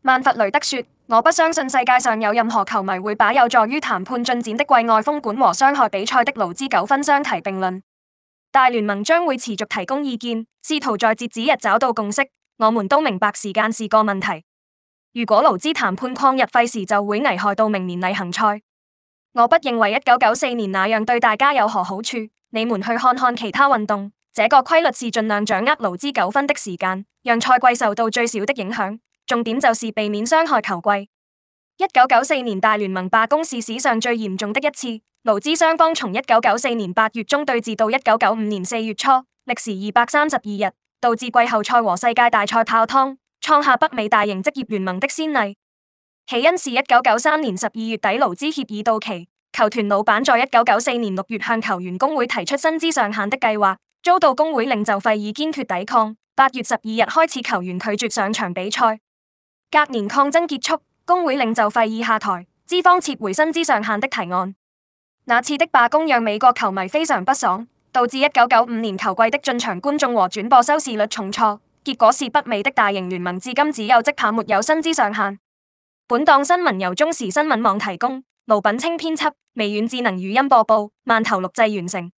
曼佛雷德說：我不相信世界上有任何球迷會把有助於談判進展的季外封館和傷害比賽的勞資糾紛相提並論。大聯盟將會持續提供意見，試圖在截止日找到共識。我們都明白時間是個問題。如果勞資談判曠日費時，就會危害到明年例行賽。我不認為一九九四年那樣對大家有何好處。你們去看看其他運動，這個規律是盡量掌握勞資糾紛的時間，讓賽季受到最小的影響。重點就是避免傷害球季。一九九四年大聯盟罷工是史上最嚴重的一次，勞資雙方從一九九四年八月中對峙到一九九五年四月初，歷時二百三十二日，導致季後賽和世界大賽泡湯，創下北美大型職業聯盟的先例。起因是一九九三年十二月底，勞資協議到期，球團老闆在一九九四年六月向球員工會提出薪資上限的計劃，遭到工會領袖費爾堅決抵抗。八月十二日開始，球員拒絕上場比賽。隔年抗爭結束，工會領袖費爾下台，資方撤回薪資上限的提案。那次的罷工讓美國球迷非常不爽，導致一九九五年球季的進場觀眾和轉播收視率重挫，結果是北美的大型聯盟至今只有職棒沒有薪資上限。本檔新聞由中時新聞網提供，盧品清編輯，微軟智能語音播報，曼頭錄製完成。